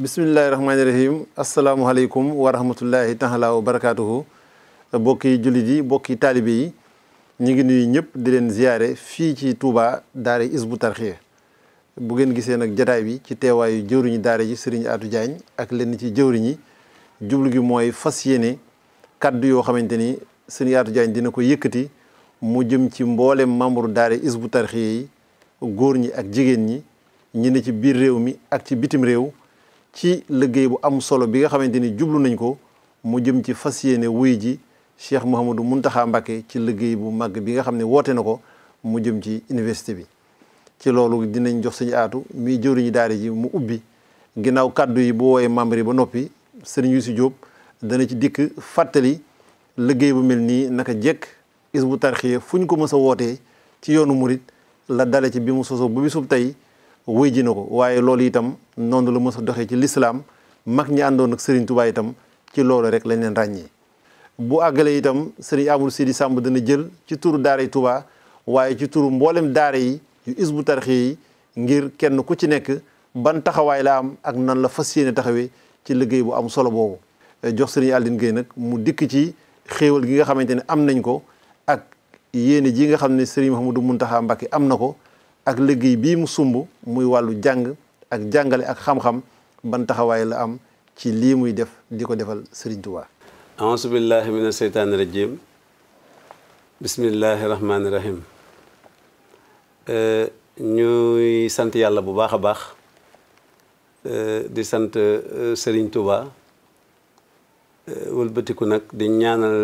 bisimillahi rahmaani rahim asalaamualeykum wa rahmatullahi taala wa barakaatuhu bokki jullit yi bokki taalibe yi ñu ngi nuyu ñëpp di leen ziyaare fii ci Touba daara Hizbut Tarqiyyah bu ngeen gisee nag jataay bi ci teewaayu jëwriñu daara yi Serigne atu jaañ ak lenn ci jëwriñi jublu gi mooy fas yéene kàddu yoo xamante ni Serigne Atou Diagne dina ko yëkkati mu jëm ci mboolem membre daara Hizbut Tarqiyyah yi góor ñi ak jigéen ñi ñi ne ci biir réew mi ak ci bitim réew ci liggéey bu am solo bi nga xamante ni jublu nañ ko mu jëm ci fas yéene wuy ji Cheikh Mouhamadou Mountakha Mbacké ci liggéey bu màgg bi nga xam ne woote na ko mu jëm ci université bi ci loolu dinañ jox sëñ aatu mii jëwriñu daara ji mu ubbi ginnaaw kàddu yi bu woowee membre yi ba noppi sëriñ si Diop dana ci dikk fàttali liggéey bu mel nii naka jekk bu Tarqiyyah fu ñu ko mës a wootee ci yoonu murit la dale ci bi mu sosoo bu bisub tey wéy ji na ko waaye loolu itam noonu la mos a doxee ci lislaam mag ñi àndoon ak Serigne Touba itam ci loolu rek lañ leen ràññee bu àggalee itam Serigne Amadou Sidi Samb dana jël ci turu daaray yi waaye ci turu mboolem daara yi yu isbu tarixi yi ngir kenn ku ci nekk ban taxawaay la am ak nan la fas yéene taxawee ci liggéey bu am solo boobu. jox Serigne Aline Gueye nag mu dikk ci xéewal gi nga xamante ne am nañ ko ak yéene ji nga xam ne Serigne Mouhamadou Mountakha Mbacké am na ko. ak liggéey bii mu sumb muy wàllu jàng ak jàngale ak xam-xam ban taxawaay la am ci lii muy def di ko defal Sëriñ Tuubaa aousu billahi min asheytaani rajim bismillahi rahmaani rahim eh, ñuy sant yàlla bu baax a baax eh, di sant eh, Sëriñ Tuubaa wëlbatiku nag di ñaanal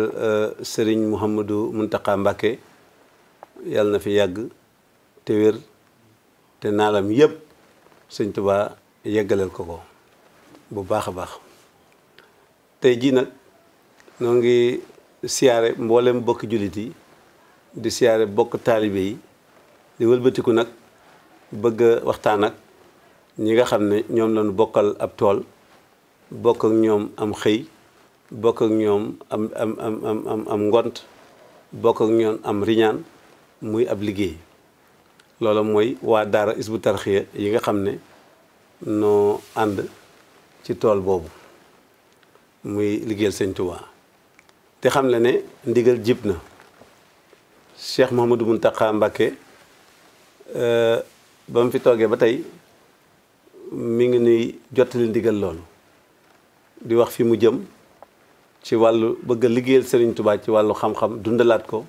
Sëriñ Mouhamadou Mountakha Mbacké yàlla na fi yàgg te wér te naalam yépp sëñ Tuubaa yeggaleel ko ko bu baax a baax tey jii nag noo ngi siyaare mboolem bokki jullit yi di siyaare bokk taalibe yi di wëlbatiku nag bëgg waxtaan ak ñi nga xam ne ñoom lañu bokkal ab tool bokk ak ñoom am xëy bokk ñoom am am am ngont bokk ak ñoom am riñaan muy ab liggéey loolu mooy waa daara isbu tarxiya yi nga xam ne noo ànd ci tool boobu muy liggéeyal sëñ Tuubaa te xam la ne ndigal jib na Cheikh Mouhamadou Mountakha Mbacké euh, ba mu fi toogee ba tey mi ngi nuy jottali ndigal loolu di wax fi mu jëm ci wàllu bëgg a liggéeyal sëriñ Tuubaa ci wàllu xam-xam dundalaat ko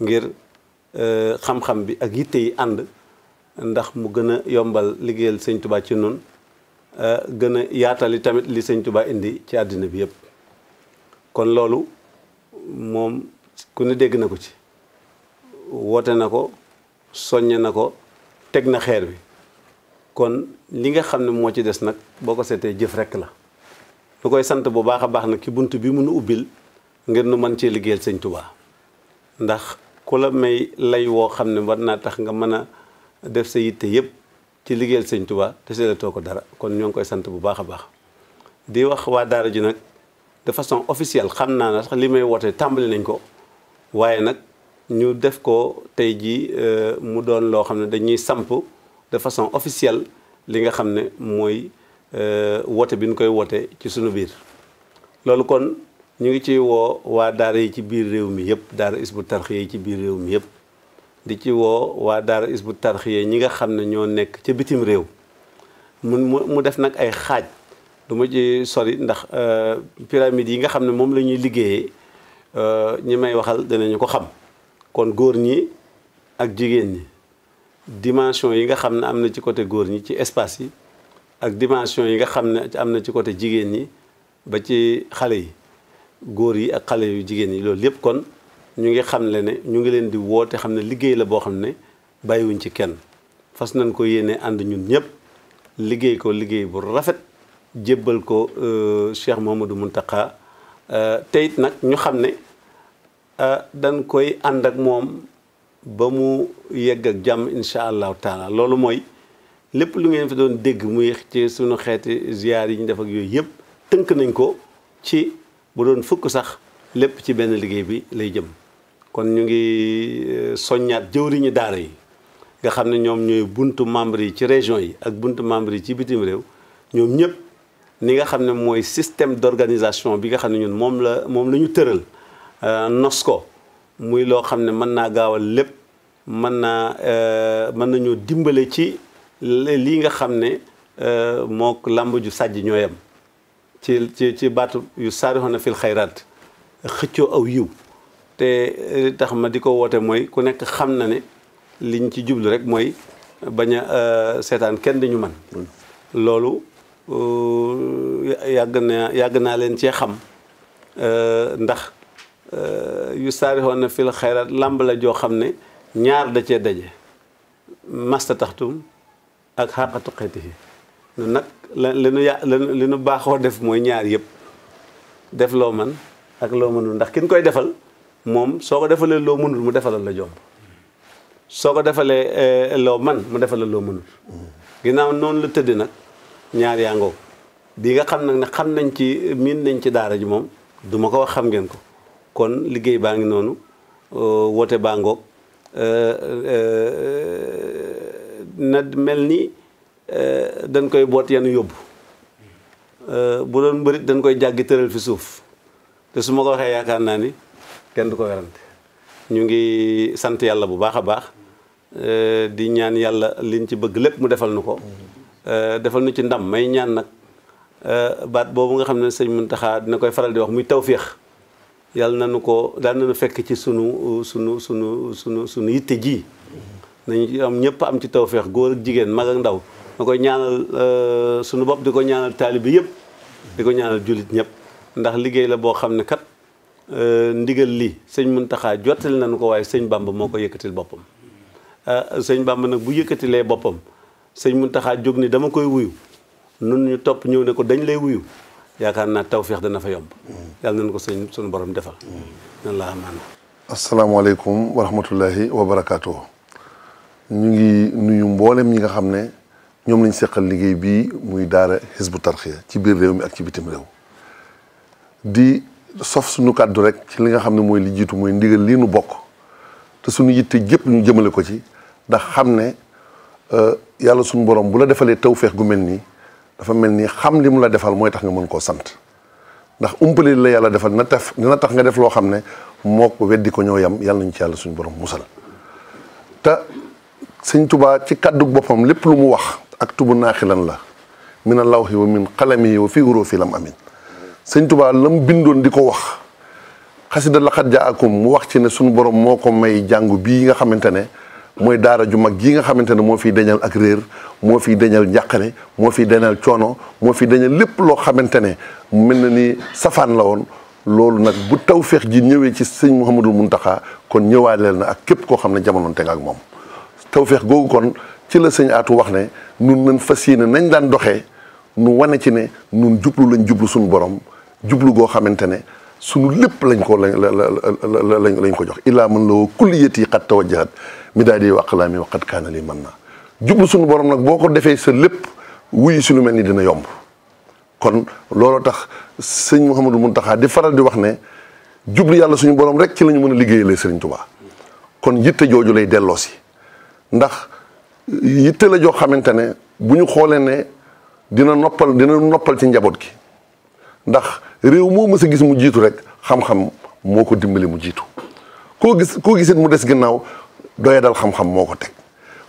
ngir Euh, xam-xam bi ak yitte yi ànd ndax mu gën a yombal liggéeyal sëñ Tuubaa ci noonu euh, gën a yaatali tamit li sëñ Tuubaa indi ci àddina bi yëpp kon loolu moom ku ne dégg na ko ci woote na ko soññe na ko teg na xeer bi kon li nga xam ne moo ci des nag boo ko seetee jëf rekk la lu koy sant bu baax a baax nag ki bunt bi mënu ubbil ngir nu mën cee liggéeyal sëñ Tuubaa ndax ku la may lay woo xam ne war naa tax nga mën a def sa yitte yëpp ci liggéeyal sëñ Tuubaa te seedatoo ko dara kon ñoo ngi koy sant bu baax a baax di wax waa daara ji nag de façon officielle xam naa ne sax li may woote tàmbali nañ ko waaye nag ñu def ko tey jii euh, mu doon loo xam ne dañuy samp de façon officielle li nga xam ne mooy euh, woote bi ñu koy woote ci sunu biir loolu kon ñu ngi ci woo waa daara yi ci biir réew mi yëpp daara isbu tarxiya yi ci biir réew mi yëpp di ci woo waa daara isbu tarxiya ñi nga xam ne ñoo nekk ci bitim réew mu mu def nag ay xaaj du ma ci sori ndax euh, pyramide yi nga xam ne moom la ñuy liggéeyee euh, ñi may waxal danañu ko xam kon góor ñi ak jigéen ñi dimension yi nga xam ne am na ci côté góor ñi ci espace yi ak dimension yi nga xam ne am na ci côté jigéen ñi ba ci xale yi góor yi ak xale yu jigéen yi loolu yépp kon ñu ngi xam le ne ñu ngi leen di woote xam ne liggéey la boo xam ne bàyyiwuñ ci kenn fas nañ ko yéene ànd ñun ñëpp liggéey ko liggéey bu rafet jébbal ko euh, Cheikh Mouhamadou Mountakha euh, tey nag ñu xam ne euh, dan koy ànd ak moom ba mu yegg ak jàmm incha allahu taala loolu mooy lépp lu ngeen fi doon dégg muy ci suñu xeeti ziyaar yi ñu def ak yooyu yëpp tënk nañ ko ci bu doon fukk sax lépp ci benn liggéey bi lay jëm kon ñu ngi euh, soññaat jëwriñu daara yi nga xam ne ñoom ñooy buntu membre yi ci région yi ak buntu membre yi ci bitim réew ñoom ñëpp ni nga xam ne mooy système d'organisation bi nga xam ne ñun moom la moom la ñu tëral euh, nos ko muy loo xam ne mën naa gaawal lépp mën naa euh, mën nañoo dimbale ci lii nga xam ne mook làmb ju sàjj ñooyam ci ci ci baatu yu saarixoona fil xayraat xëccoo aw yiw te li eh, tax ma di ko woote mooy ku nekk xam na ne liñ ci jublu rek mooy bañ a eh, seetaan kenn dañu man loolu eh, yàgg naa yàgg naa leen cee xam ndax yu saarixoona fil xayraat làmb la joo xam ne ñaar da cee daje masta taxtum ak xaqatu xeeti yi nag la li nu yà li nu baaxoo def mooy ñaar yëpp def loo man ak loo mënul ndax kin koy defal moom soo ko defalee loo mënul mu defalal la jomb soo ko defalee eh, loo man mu defalal loo mënul ginnaaw noonu la tëdd nag ñaar yaa ngoo bi nga xam nag ne xam nañ ci miin nañ ci daara ji moom duma ko wax xam ngeen ko kon liggéey baa ngi noonu eh, woote baa ngoog eh, na mel nii Eh, dañ koy boot yenn yóbbu eh, bu doon mbërit dañ koy jàggi tëral fi suuf te su ma ko waxee yaakaar naa ni kenn du ko werante ñu ngi sant yàlla bu baax a baax eh, di ñaan yàlla liñ ci bëgg lépp mu defal nu ko defal nu ci ndam may ñaan nag baat boobu nga xam ne sëñ Muntaxa dina koy faral di wax muy tawféex yàlla na nu ko daal na nu fekk ci sunu sunu sunu sunu sunu yitte ji nañu am ñëpp am ci tawféex góor ak jigéen mag ak ndaw ma koy ñaanal euh, suñu bopp di ko ñaanal taalibe yëpp di ko ñaanal jullit ñëpp ndax liggéey la boo xam ne kat euh, ndigal li sëñ mun Muntaxa jottali nañu ko waaye sëñ Bamba moo ko yëkkatil boppam euh, sëñ Bamba nag bu yëkkatilee boppam sëñ Muntaxa jóg ni dama koy wuyu nu ñu topp ñëw ne ko dañ lay wuyu yaakaar naa tawféex dana fa yomb yàlla nañ ko sëñ suñu borom defal nan laa amaan asalaamaaleykum wa rahmatullahi wa barakaatu ñu ngi nuyu mboolem ñi nga xam ne ñoom lañu seqal liggéey bii muy daara Hizbut Tarqiyyah ci biir réew mi ak ci bitim réew di sof suñu kàddu rek ci li nga xam ne mooy li jiitu mooy ndigal lii nu bokk te suñu yitte jépp ñu jëmale ko ci ndax xam ne euh, yàlla suñu borom bu la defalee feex gu mel nii dafa mel nii xam li mu la defal mooy tax nga mën koo sant ndax umpale la yàlla defal na tef na tax nga def loo xam ne moo ko weddi ko ñëw yam yàlla nañ ci yàlla suñu borom musal te sëñ Tuubaa ci kàddu boppam lépp lu mu wax aktubu naaxilan la min allawhi wa min qalami wa fi urufi lam amin sëñ Tuubaa lam bindoon di ko wax xasida laqad jaakum mu wax ci ne suñu borom moo ko may jàngu bii nga xamante ne mooy daara ju mag gi nga xamante ne moo fi dañal ak réer moo fiy dañal njàqare moo fiy dañal coono moo fi dañal lépp loo xamante ne mel na ni safaan la woon loolu nag bu tawféex ji ñëwee ci sëñ Mouhamadul Muntaxa kon ñëwaaleel na ak képp koo xam ne jamonoonte ak moom ci la sëñ Atou wax ne nun nañ fas yii ne nañ daan doxee nu wane ci ne nun jublu lañ jublu suñu borom jublu goo xamante ne suñu lépp lañ ko lañ la lañ ko jox illaa mën la woo kulliyati xat tawajjahat mi daal di laa mi waqat kaana li mën naa jublu suñu borom nag boo ko defee sa lépp wuy si lu mel ni dina yomb kon looloo tax sëñ mun Mountakha di faral di wax ne jublu yàlla suñu borom rek ci lañu mën a liggéeyalee Sëriñ Tuubaa kon yitte jooju lay delloosi ndax yitte la joo xamante ne bu ñu xoolee ne dina noppal dina noppal ci njaboot gi ndax réew moo mës a gis mu jiitu rek xam-xam moo ko dimbali mu jiitu koo gis koo gisit mu des ginnaaw doya dal xam-xam moo ko teg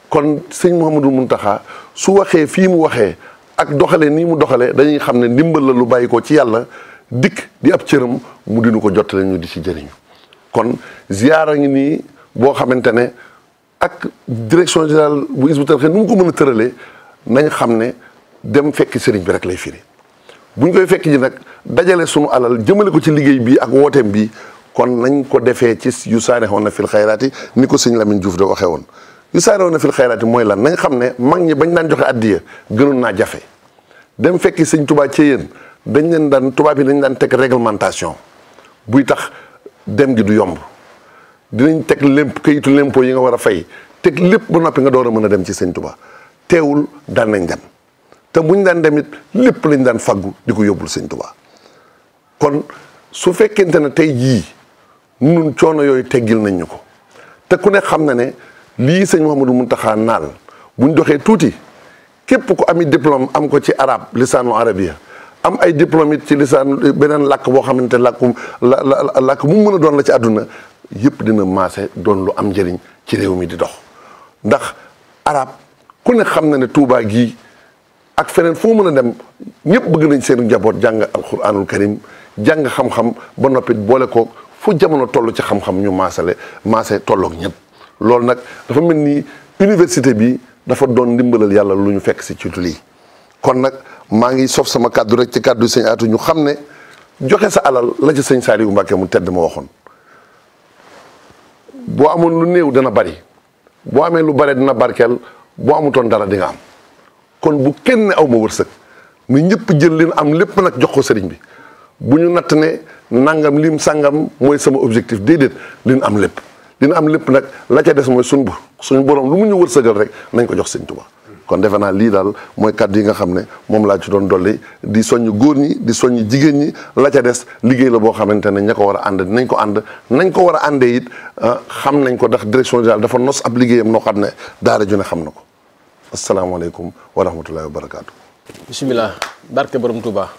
kon sëñ Mouhamadou taxaa su waxee fii mu waxee ak doxale nii mu doxale dañuy xam ne ndimbal la lu bàyyi ko ci yàlla dikk di ab cëram mu dinu ko jottale ñu di ci jëriñu kon ziyaara ngi nii boo xamante ne ak direction générale bu Hizbut Tarqiyyah nu mu ko mën a tëralee nañ xam ne dem fekki sëriñ bi rek lay firi buñ koy fekk ji nag dajale sunu alal jëmale ko ci liggéey bii ak wooteem bii kon nañ ko defee ci yu saane woon na fil xayraati ni ko sëñ Lamine Diouf da waxee woon yu saane woon na fil xayraati mooy lan nañ xam ne mag ñi bañ daan joxe addiya gënoon naa jafe dem fekki sëñ Touba ci yéen dañ leen daan tubaab yi dañ daan teg réglementation buy tax dem gi du yomb dinañ teg lépp kayitu lempo yi nga war a fay teg lépp ba noppi nga door a mën a dem ci sëñ Tuubaa teewul daan nañ dem te buñ daan dem it lépp lañ daan faggu di ko yóbbul sëñ Tuubaa kon su fekkente ne tey jii nun coono yooyu teggil nañ ñu ko te ku ne xam na ne lii sëñ ma du mu Mountakha naal bu ñu doxee tuuti képp ku ami diplôme am ko ci arab lisaanu arabia am ay diplôme it ci lisaan beneen làkk boo xamante làkku la làkk mu mën a doon la ci àdduna yëpp dina maase doon lu am njëriñ ci réew mi di dox ndax arab ku ne xam na ne Touba gii ak feneen foo mën a dem ñëpp bëgg nañ seen njaboot jàng alquranul karim jàng xam-xam ba noppit boole ko fu jamono toll ci xam-xam ñu maasale maase tollook ñëpp loolu nag dafa mel ni université bi dafa doon ndimbalal yàlla lu ñu fekk si ci lii kon nag maa ngi sof sama kàddu rek ci kàddu sëñ Atou ñu xam ne joxe sa alal la ci sëñ yu Mbacke mu tedd ma waxoon boo amoon lu néew dana bari boo amee lu bare dina barkeel boo amutoon dara di nga am kon bu kenn aw ma wërsëg mu ñëpp jël leen am lépp nag jox ko sëriñ bi bu ñu natt ne nangam mu sangam mooy sama objectif déedéet lin am lépp lin am lépp nag la ca des mooy suñ bu suñu borom lu mu ñu wërsëgal rek nañ ko jox sëriñ Tuubaa kon defe naa lii daal mooy kàddu yi nga xam ne moom laa ci doon dolli di soññ góor ñi di soññ jigéen ñi la ca des liggéey la boo xamante ne ña ko war a ànd dinañ ko ànd nañ ko war a àndee it ah, xam nañ ko ndax direction générale dafa nos ab liggéeyam noo xam ne daara ju ne xam na ko asalaamaaleykum wa rahmatullahi wa barakaatu. bisimilah barke borom Touba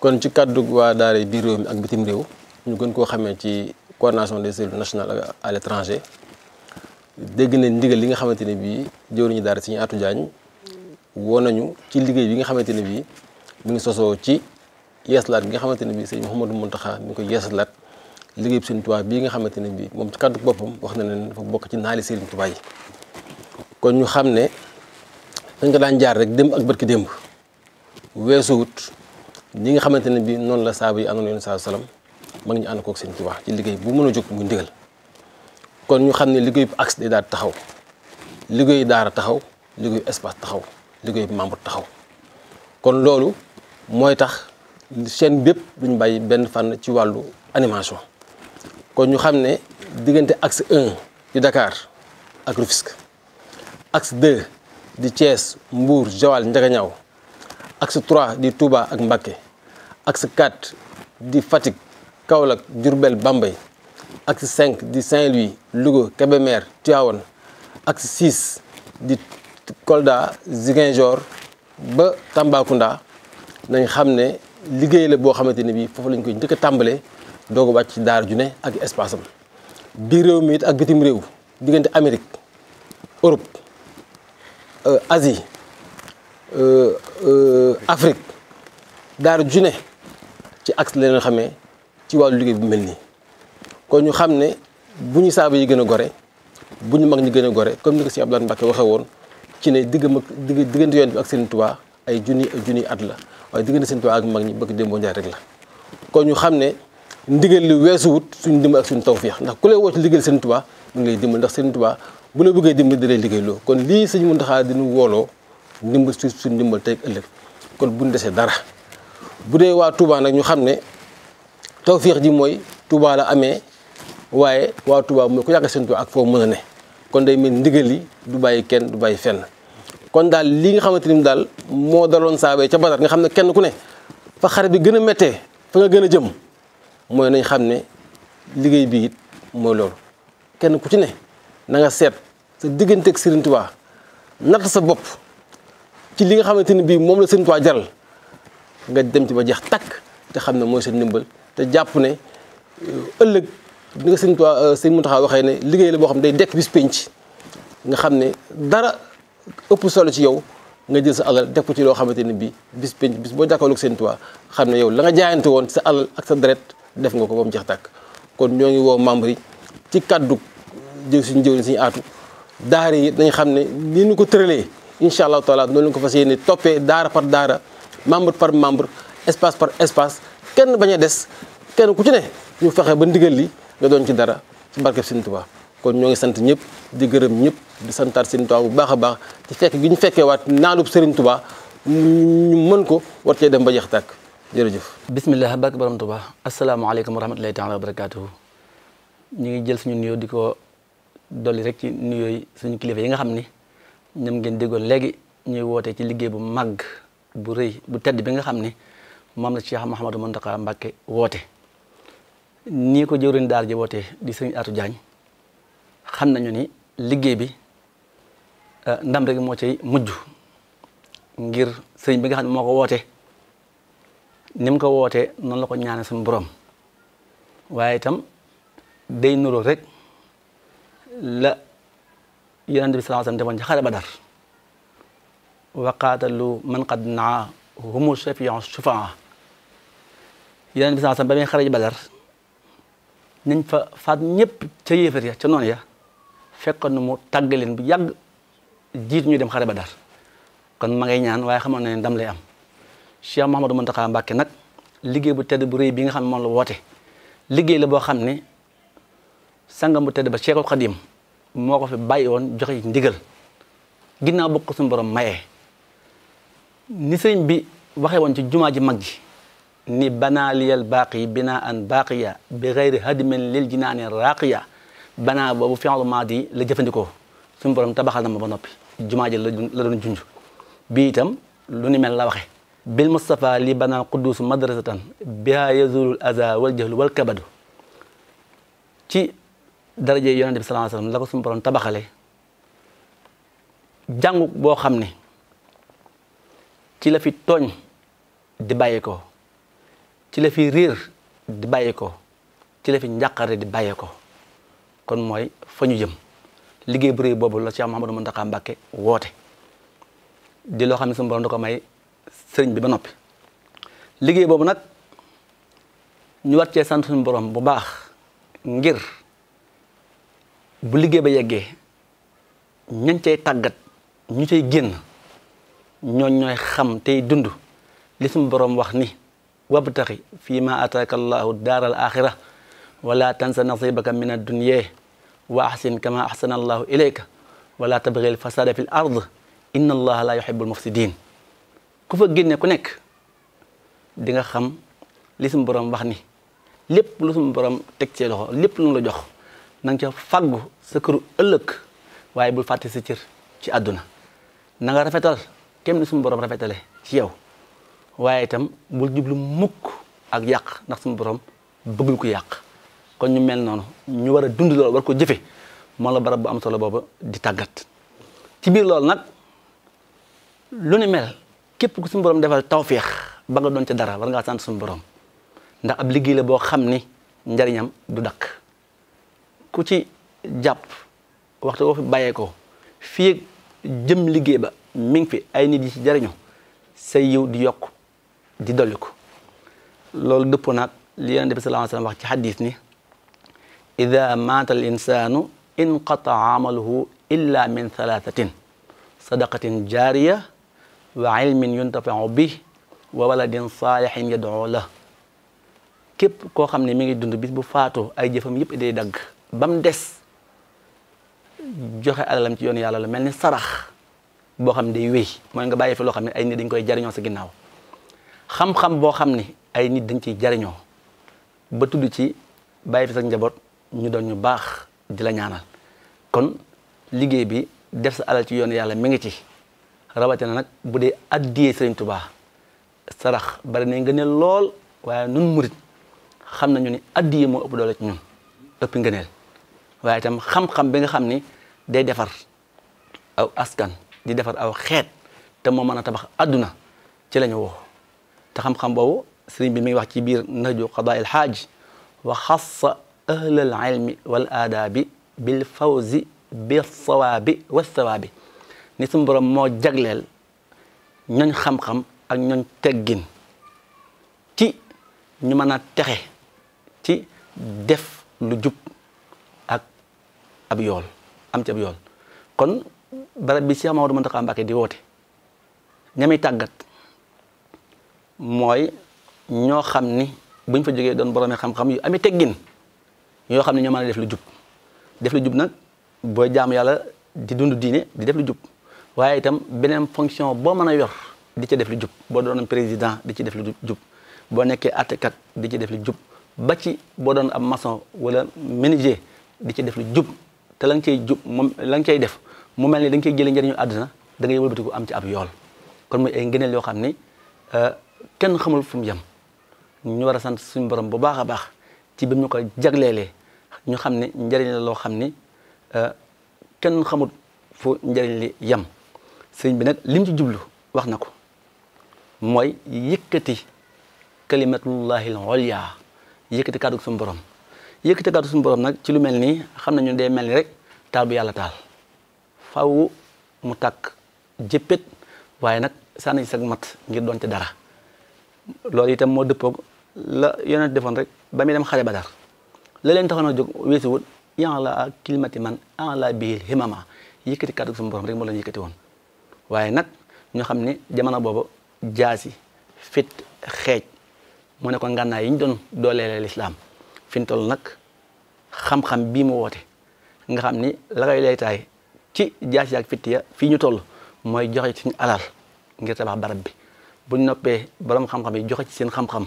kon ci kàddu waa daara biir réew mi ak bitim réew ñu gën koo xamee ci coordination des cellules nationales à l'étranger dégg nañ ndigal li nga xamante ne bii jëwriñu daara si ñu Atou Diagne woo nañu ci liggéey bi nga xamante ne bii mi ngi sosoo ci yeeslaat bi nga xamante ne bii mu Mouhamadou Mountakha mi ngi koy yeeslaat liggéey bi sëñ Tuubaa bii nga xamante ne bii moom ci kàddu boppam wax na ne dafa bokk ci naali sëriñ Tuubaa yi kon ñu xam ne dañ ko daan jaar rek démb ak bët ki démb weesuwut ñi nga xamante ne bii noonu la saaba yi andoona yoon saa salaam mag ànd kook sëñ Tuubaa ci liggéey bu mën a jóg mu ndigal kon ñu xam ne liggéey bu axe day daal taxaw liggéey daara taxaw liggéeyu espace taxaw liggéey bi membre taxaw kon loolu mooy tax chaîne bépp duñ bàyyi benn fànn ci wàllu animation kon ñu xam ne diggante axe 1 di Dakar ak Rufisque axe 2 di Thiès Mbour Joal Njagañaaw axe 3 di tuuba ak Mbacké axe 4 di Fatick Kaolack Diourbel Bambey ak 5 di Saint-Louis Louga Kébémer Tivaouane axe 6 di Kolda Ziguinchor ba Tambacounda nañ xam ne liggéey la boo xamante ne bii foofu lañ koy njëkk a tàmbalee doog a wàcc ci daara ju ak espace am biir réew mi ak bitim réew diggante Amérique Europe euh, Asie euh, euh, Afrique daara ju ne ci axe la leen xamee ci wàllu liggéey bu mel nii kon ñu xam ne bu ñu saaba yi gën a gore bu ñu mag ñi gën a gore comme ni ko si Abdoulaye Mbacke waxee woon ci ne diggam ak digg diggante yoon bi ak Serigne Touba ay junni ay at la waaye diggante Serigne Touba ak mag ñi bëgg démboo njaay rek la kon ñu xam ne ndigal li weesuwut suñ dimbal ak suñu tawfeex ndax ku lay woo ci liggéeyal Serigne mu ngi lay dimbal ndax Serigne Touba bu la bëggee dimbal di lay liggéeyloo kon lii Serigne Mountakha dinu wooloo ndimbal su suñu dimbal tey ëllëg kon bu buñ desee dara bu dee waa tubaa nag ñu xam ne tawfeex ji mooy Touba la amee waaye waa Touba mooy ko yàgg Serigne Touba ak foo mën a ne kon day mel ndigal yi du bàyyi kenn du bàyyi fenn kon daal lii nga xamante ni daal moo daloon saabee ca Badar nga xam ne kenn ku ne fa xare bi gën a méttee fa nga gën a jëm mooy nañ xam ne liggéey bi it mooy loolu kenn ku ci ne na seet sa diggante ak Serigne Touba natt sa bopp ci li nga xamante ni bii moom la Serigne Touba jaral nga dem ci ba jeex takk te xam ne mooy seen ndimbal te jàpp ne euh, ëllëg ni nga Serigne Touba euh, Serigne Mountakha waxee ne liggéey la boo xam ne day dekk bis penc nga xam ne dara ëpp solo ci yow nga jël sa alal def ko ci loo xamante ni bii bis penc bis boo jàkkaarloog seen tuwaa xam ne yow la nga jaayante woon sa alal ak sa deret def nga ko ba mu jeex tàkk kon ñoo ngi woo membre yi ci kaddu jëw suñu jëw si aatu daar yi dañ xam ne ni nu ko tëralee incha allahu taala noonu lañ ko fas yéene toppee daara par daara membre par membre espace par espace kenn bañ a des kenn ku ci ne ñu fexe ba ndigal li nga doon ci dara ci barkeb Sëriñ Tuubaa kon ñoo ngi sant ñëpp di gërëm ñëpp di santaat Serigne Touba bu baax a baax ci fekk gi ñu fekkee waat naanub Serigne Touba ñu mën ko war cee dem ba takk jërëjëf. bisimilah barke borom Touba asalaamaaleykum wa rahmatulahi taala wa barakaatuhu ñu ngi jël suñu nuyoo di ko dolli rek ci nuyoo yi suñu kilifa yi nga xam ni ñoom ngeen déggoon léegi ñuy woote ci liggéey bu màgg bu rëy bu tedd bi nga xam ni moom la Cheikh Mouhamadou Mountakha Mbacké woote. nii ko jëwriñ daar ji wootee di sëñ Atou Diagne xam nañu ni liggéey bi euh, ndam rek moo cay mujj ngir sëriñ bi nga xam ne moo woote nim mu ko wootee noonu la ko ñaane suñu borom waaye itam day nuroo rek la yonent bi sallallahu alayhi wa sallam ci xare Badar wa qaatalu man qad naa humu shafi'u shufaa yonent bi sallallahu alayhi wa sallam ba muy xare ji Badar nañ fa faat ñëpp ca yéefar ya ca noonu ya fekkoon na mu tàgg leen bu yàgg jiit ñu dem xare ba kon ma ngay ñaan waaye xamoon na ne ndam lay am Cheikh Mouhamadou Mountakha Mbacké nag liggéey bu tedd bu rëy bi nga xam ne moom la woote liggéey la boo xam ne sangam bu tedd ba Cheikhul Khadim moo ko fi bàyyi woon joxe ndigal ginnaaw bokk suñu borom mayee ni sëñ bi waxee woon ci jumaa ji mag ji ni banaaliyal baaqi binaan baaqiya bi xayri hadimin lil jinaani raaqiya banaa boobu fi'lu maadi la jëfandikoo suñu borom tabaxal na ba noppi jumaa la la doon junj bi itam lu mel la waxe bil Mustafa li banaa quddus madrasatan biha yazulul aza wal jahlu wal kabadu ci daraje yonente bi sallallahu la ko suñu borom tabaxale jàngu boo xam ne ci la fi tooñ di bàyyi ko ci la fi riir di bàyyi ko ci la fi njàqare di bàyyi ko kon mooy fa ñu jëm liggéey bu rëy boobu la Cheikh Mouhamadou Mountakha Mbacké woote di loo xam ne suñu borom da ko may sëriñ bi ba noppi liggéey boobu nag ñu war cee sant suñu borom bu baax ngir bu liggéey ba yeggee ñañ cay tàggat ñu cay génn ñooñ ñooy xam tey dund li suñu borom wax ni wabu wabtaxi fii ma ataka allahu daaral axira wala tansa nasibaka min addunya wa ahsin kama ahsana allahu ilayka wala tabghi alfasada fi l ard inna allaha la yuhibu almufsidin ku fa génne ku nekk di nga xam li suñu borom wax ni lépp lu borom teg ci loxo lépp lu la jox na nga ca fàggu waaye bul fàtte sa cër ci àdduna nanga nga rafetal kem ni suñu borom rafetale ci yow waaye itam bul jublu mukk ak yàq ndax suñu borom bëggul ko yàq kon ñu mel noonu ñu war a dund lool war ko jëfe moo la barab bu am solo boobu di tàggat ci biir loolu nag lu ni mel képp ku suñu borom defal tawféex ba nga doon ca dara war nga sant suñu borom ndax ab liggéey la boo xam ni njariñam du dakk ku ci jàpp waxtu boo fi bàyyee ko fii jëm liggéey ba mi ngi fi ay nit yi ci jariñu say yiw di yokk di dolli ko loolu dëppoo naag li Yonent bi sallallahu alayhi wa sallam wax ci xadis ni ida maata al insaanu inqataa amaluhu illa min thalathatin sadaqatin jaariya wa ilmin yuntafau bi wa waladin saalihin yadoo la képp koo xam ne mi ngi dund bis bu faatoo ay jëfam yëpp day dagg ba des joxe alalam ci yoon yàlla lu mel ni sarax boo xam ne day wéy mooy nga bàyyi fi loo xam ne ay nit dañ koy jariñoo sa ginnaaw xam boo xam ne ay nit dañ ciy jariñoo ba tudd ci bàyyi fi sa njaboot ñu doon ñu baax di la ñaanal kon liggéey bi def sa alal ci yoon yàlla mi ngi ci rawatina nag bu dee addiyee sëriñ tubaa sarax bari na ngëneel lool waaye nun murit xam nañu ni addiyee moo ëpp doole ci ñun ëpp ngëneel waaye itam xam bi nga xam ni day defar aw askan di defar aw xeet te moo mën a tabax àdduna ci la ñu woo te xam-xam boobu sëriñ bi mi wax ci biir naju qadaa il xaaj wa ahlal ilmi wal aadaabi bil fawzi bi sawaabi wa sawaabi ni suñu borom moo jagleel ñooñ xam-xam ak ñooñ teggin ci ñu mën a texe ci def lu jub ak ab yool am ci ab yool kon barab bi Cheikh Mamadou Mountakha Mbacké di woote ñami tàggat mooy ñoo xam ni buñ fa jógee doon boroomi xam-xam yu ami teggin yoo xam ne ñoo mën a def lu jub def lu jub nag boo jaamu yàlla di dund diine di def lu jub waaye itam beneen fonction boo mën a yor di ci def lu jub boo doon président di ci def lu jub boo nekkee attekat di ci def lu jub ba ci boo doon ab maçon wala menuisier di ci def lu jub te la nga cay jub moom la nga def mu mel ni da nga cey jëlee njëriñu àdduna da ngay wëlbatiku am ci ab yool kon muy ay ngëneel yoo xam ni euh, kenn xamul fu mu yem ñu war a sant suñu borom bu baax a baax ci bi ñu ko jagleelee ñu xam ne njariñ la loo xam ni euh, kenn xamut fu njëriñ li yem sëriñ bi nag lim ci jublu wax na ko mooy yëkkati kalimatullahi al-ulya yëkkati kàddu suñu borom yëkkati nag ci lu mel nii xam nañu day mel ni rek taal bu yàlla taal faw mu takk jëppét waaye nag sànni ci sag mat ngir doonte dara loolu itam moo dëppoog la yonent defoon rek ba muy dem xare Badar la leen taxoon a jóg weesuwut yàlla la kilimati man ala biil himama yëkkati kàddu suñu borom rek moo leen yëkkati woon waaye nag ñoo xam ne jamono boobu jaasi fit xeej moo nekkoon ko ngànnaay yi ñu doon dooleele lislaam fi ñu toll nag xam-xam bii mu woote nga xam ni la koy laytaay ci jaasi ak fitt ya fii ñu toll mooy joxe ci suñu alal ngir tabax barab bi buñ noppee borom xam-xam yi joxe ci seen xam-xam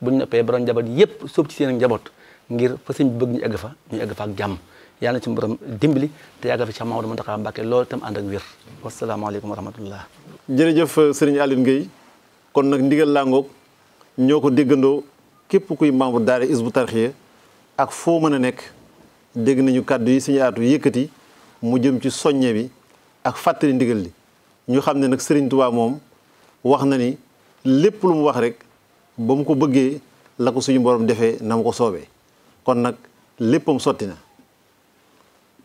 buñ noppee borom njaboot yépp sóob ci seen njaboot ngir fa sëñ bëgg ñu egg fa ñu egg fa ak jàmm yàlla na ci borom dimbali te yàgg fa Cheikh Mamadou Mountakha Mbacké loolu itam ànd ak wér wasalaamaaleykum wa rahmatullah jërëjëf euh, sëriñ Alioune Guèye kon nag ndigal langoog ñoo ko déggandoo képp kuy membre daara bu Tarqiyyah ak foo mën a nekk dégg nañu kàddu yi suñu aatu yëkkati mu jëm ci soññe bi ak fàttali ndigal li ñu xam ne nag Sëriñ Tuubaa moom wax na ni lépp lu mu wax rek ba mu ko bëggee la ko suñu borom defee na ko soobee kon nag léppam sotti na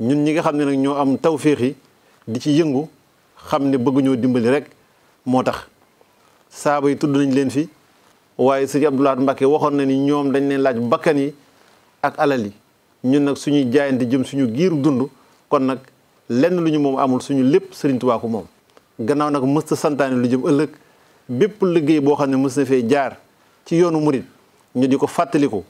ñun ñi nga xam ne nag ñoo am tawféex yi di ci yëngu xam ne bëgguñoo dimbali rek moo tax saaba yi tudd nañ leen fi waaye sëñ Abdou Lahad waxoon na ni ñoom dañ leen laaj bakkan yi ak alal yi ñun nag suñuy jaayante jëm suñu giiru dund kon nag lenn lu ñu moom amul suñu lépp Sëriñ Tuubaa moom gannaaw nag mësta santaane lu jëm ëllëg bépp liggéey boo xam ne mës na fee jaar ci yoonu murit ñu di ko fàttaliku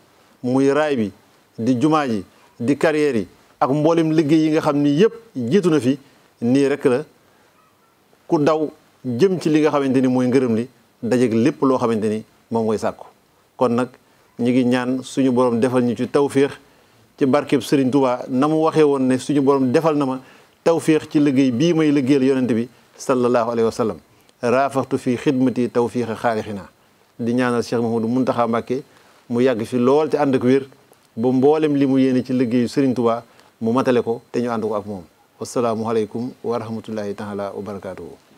muy raay bi di jumaa ji di carrière yi ak mboolem liggéey yi nga xam ni yëpp jiitu na fi nii rek la ku daw jëm ci li nga xamante ni mooy ngërëm li dajeeg lépp loo xamante ni moom mooy sàkku kon nag ñu ngi ñaan suñu borom defal ñu ci tawféex ci barkeb Sëriñ Tuubaa na mu waxee woon ne suñu borom defal na ma tawféex ci liggéey bii may liggéeyal yonent bi sallallahu alayhi wa sallam raafaxtu fi xidmati tawfiixa xaalixina di ñaanal Cheikh Mouhamadou Mountakha Mbacké mu yàgg fi lool ci ànd ak wér ba mboolem li mu yéene ci liggéeyu Serigne Touba mu matale ko te ñu ànd ko ak moom wasalaamualeykum wa rahmatullahi taala wa barakaatuhu